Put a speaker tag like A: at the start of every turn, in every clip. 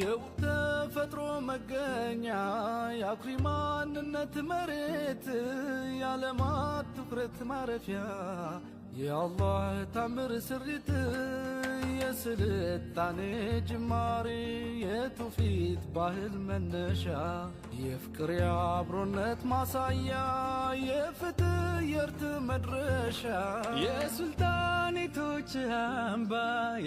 A: የተፈጥሮ መገኛ የአኩሪ ማንነት መሬት የዓለማት ትኩረት ማረፊያ የአላህ ታምር ስሪት የስልጣኔ ጅማሬ የትውፊት ባህል መነሻ የፍቅር የአብሮነት ማሳያ የፍትህ የእርት መድረሻ የሱልጣኔቶች አምባ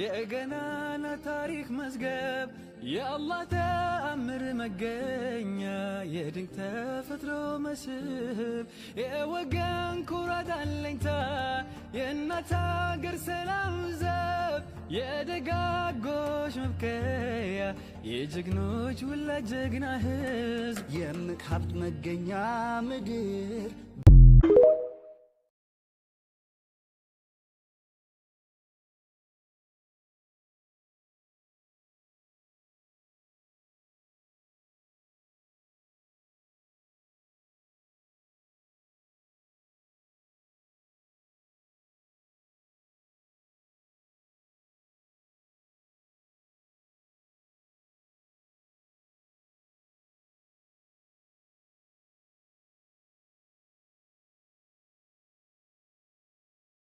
A: የገናና ታሪክ መዝገብ የአላህ ተአምር መገኛ የድንቅ ተፈጥሮ መስህብ የወገን ኩራት አለኝታ የእናት አገር ሰላም ዘብ የደጋጎች መብከያ የጀግኖች ውላ ጀግና ህዝብ የምቅ ሀብት መገኛ ምድር